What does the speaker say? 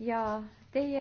ja teie